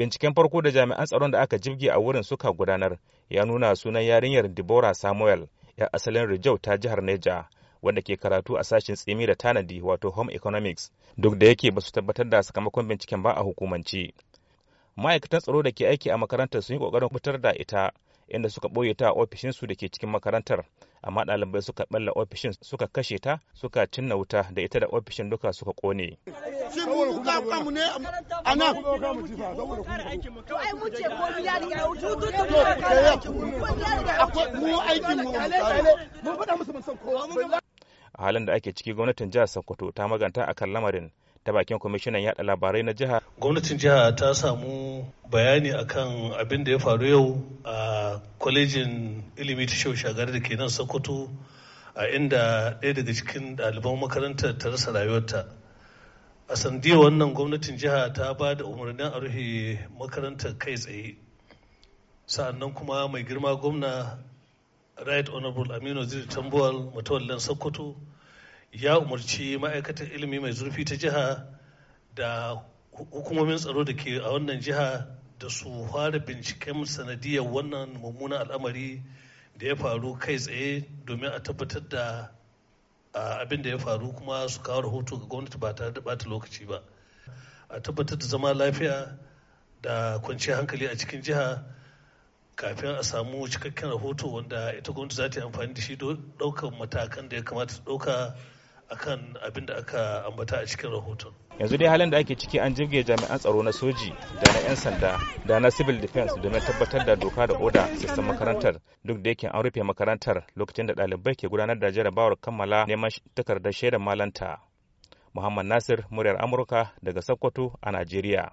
binciken farko da jami'an tsaron da aka jibge a wurin suka gudanar ya nuna sunan yarinyar deborah samuel ya asalin rijau ta jihar neja wanda ke karatu a sashen tsimi da tanadi wato home economics duk da yake ba su tabbatar da sakamakon binciken ba a hukumance ma'aikatan tsaro da ke aiki a makarantar sun yi kokarin fitar da ita inda suka ɓoye ta a ofishinsu da ke cikin makarantar amma ɗalibai suka ɓalla ofishin suka kashe ta suka cinna wuta da ita da ofishin duka suka ƙone a halin da ake ciki gwamnatin jihar Sokoto ta maganta a kan lamarin ta bakin kwamishinan yada labarai na jiha. Gwamnatin jihar ta samu bayani akan abin da ya faru yau a kwalejin ilimi ta shau shagar da ke nan Sokoto a inda ɗaya daga cikin ɗaliban makarantar ta rasa rayuwarta. a sandiya wannan gwamnatin jiha ta ba da umarnin a rufe makarantar kai tsaye sa'annan kuma mai girma gwamna right honorable aminu ziri tambuwal matawallan sokoto ya umarci ma'aikatar ilimi mai zurfi ta jiha da hukumomin tsaro da ke a wannan jiha da su fara binciken sanadiyar wannan mummunan al'amari da ya faru kai tsaye domin a tabbatar da abin da ya faru kuma su kawo rahoto ga gwamnati ba tare da bata lokaci ba a tabbatar da zama lafiya da kwanciyar hankali a cikin jiha kafin a samu cikakken rahoto wanda ita gwamnati za ta yi amfani da shi don ɗaukar matakan da ya kamata su ɗauka akan abin da aka ambata a cikin rahoton yanzu dai halin da ake ciki an jirge jami'an tsaro na soji da na 'yan sanda da na civil defense domin tabbatar da doka da oda sassan makarantar duk da yake an rufe makarantar lokacin da ɗalibai ke gudanar da jarabawar kammala neman takardar shaidar malanta muhammad nasir muryar amurka daga sokoto a najeriya